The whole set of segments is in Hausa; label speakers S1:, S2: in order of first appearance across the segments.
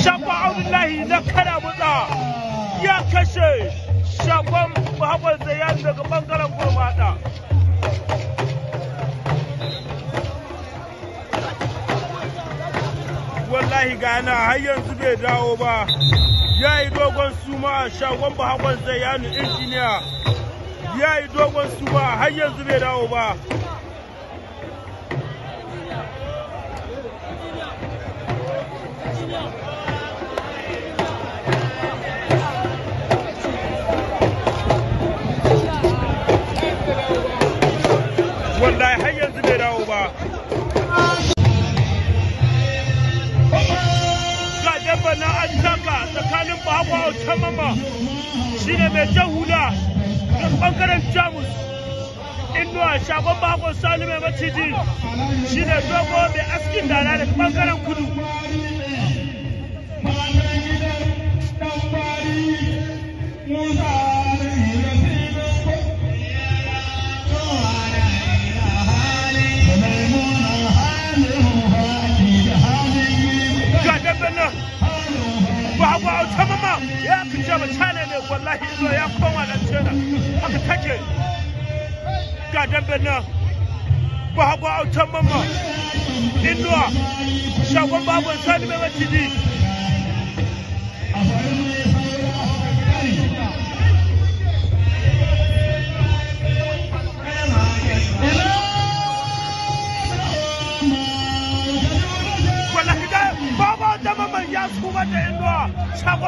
S1: Shafa Abdullahi na kada mutsa ya kashe shafan Muhammad Zayyad daga bangaren Kurmata. Wallahi gana har yanzu bai dawo ba. Ya yi dogon suma shagon Muhammad Zayyad injiniya. Ya yi dogon suma har yanzu bai dawo ba. na an taka tsakanin bahagwa ta shi ne mai jan hula da bangaren jamus inuwa shagon bahagwa salu mai maciji ne dogo mai askin dala da bangaren kudu Got agwa auta mama ya kunje ba chane ne wallahi ya koma tana haka take ga dambe na ba agwa auta mama inuwa shagon babu mai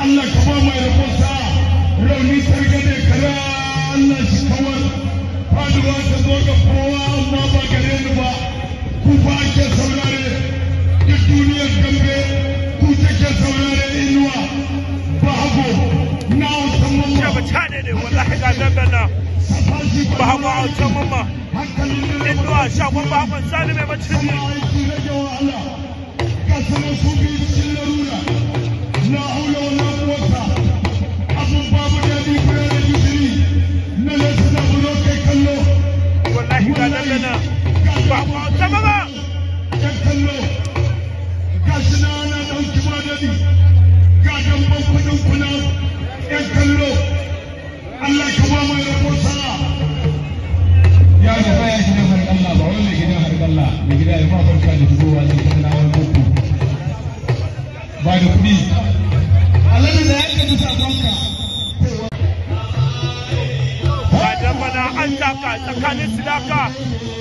S1: Allah ka ba mai rabon sa rauni targade kaza Allah shi kawar faduwa ta zo ga kowa amma ba gare ni ba ku ba ke saurare duk duniyar gambe ku take saurare inuwa ba hago na mamma ba ne wallahi ga ba hago a mamma inuwa shagon ba zalime ne ka su cikin larura La hula wala quwwata tsakanin su daga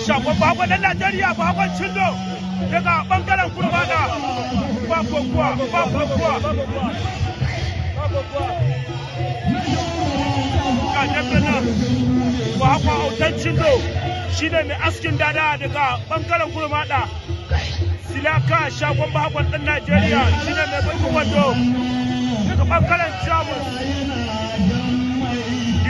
S1: shagon bakon na najeriya bakon cindo daga bangaren kurma da ba kokowa ba kokowa ga dangana ba haka autan cindo shi ne mai askin dada daga bangaren kurma da silaka shagon bakon ɗan najeriya shi ne mai baiko wando daga bangaren jamus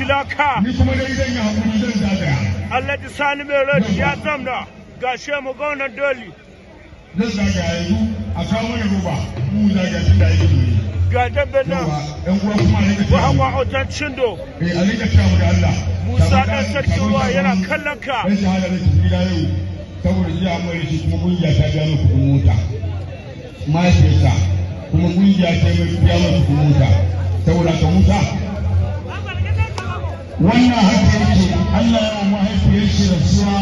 S1: silaka. Allah kuma sani mai road ya zamna gashe mu gauna doli zan yanzu a kawo mana mu ga tun da yake dole ga dabbe nan wahanwa cindo musa ɗan sarki ruwa yana kallon ka saboda iya mai shi kuma kungiya ta biya mota mahaifiyarsa kuma kungiya ta biya mota saboda ka wannan haka ce Allah ya mahaifiyar da rasuwa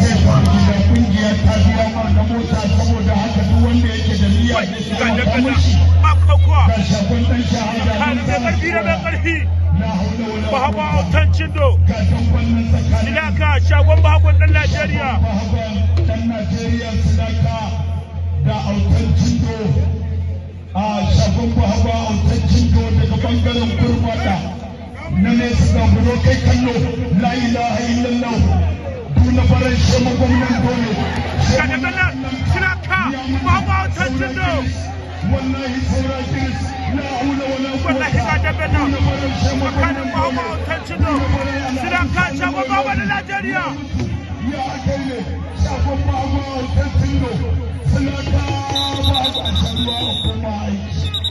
S1: zai farki da kungiya ta biya mar da mota saboda haka duk wanda yake da niyya da shi da kamushi ga shakon dan shahada kan da karfi da dan autan cindo silaka shagon bahakon dan Najeriya Najeriya silaka da autan cindo a shagon bahaba autan cindo daga bangaren kurmata na nesa ga bulo kai kallo la ilaha illallah duna baran shema gwamnan dole wallahi saura kiris la haula wala wallahi ga dabbe na makan ba ma tantin do sira ka cha ba ba wala Nigeria ya akelle sha ko ba ma tantin do sira ka ba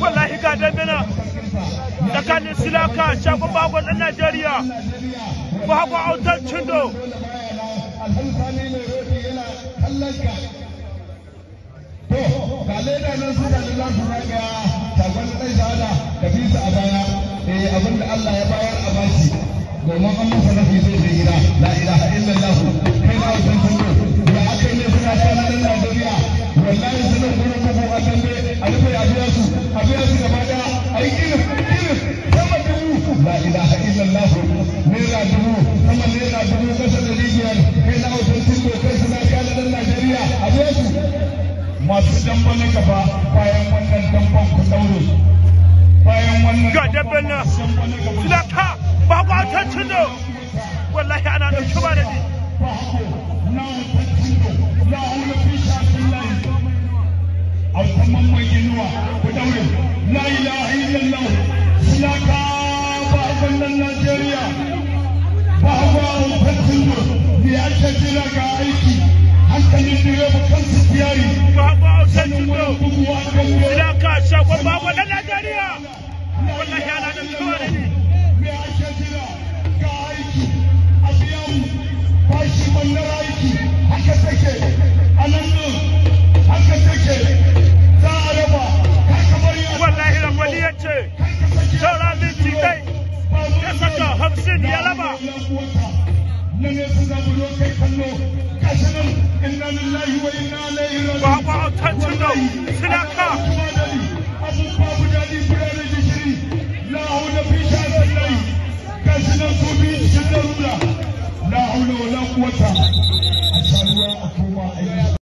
S1: wallahi ga dambina tsakanin silaka shagon bakon ɗan najeriya bakon autar cindo za su da a baya eh, Allah ya bayar a bashi domin an masa nafi zai je gida la ilaha illallah kai na wajen sanyo da aka yi ne suna sanar Najeriya wallahi sanin gurin bugu a tambe a rufe a biya su a biya su gaba daya a yi irin irin sama dubu la ilaha illallah naira dubu sama naira dubu kasa da rijiyar kai na hoton tinko kai suna kana dan najeriya a biya su masu damba na gaba bayan wannan damban ku daure bayan wannan ga dabban na laka ba kwatancin da wallahi ana ɗauki ba da ni kuma mai inuwa ku daure jira ga aiki Baba attention now, Sinaka. Abu Babu Dadi Brother Jishri, Lahu the Pisha Sallai, Kasina Kubi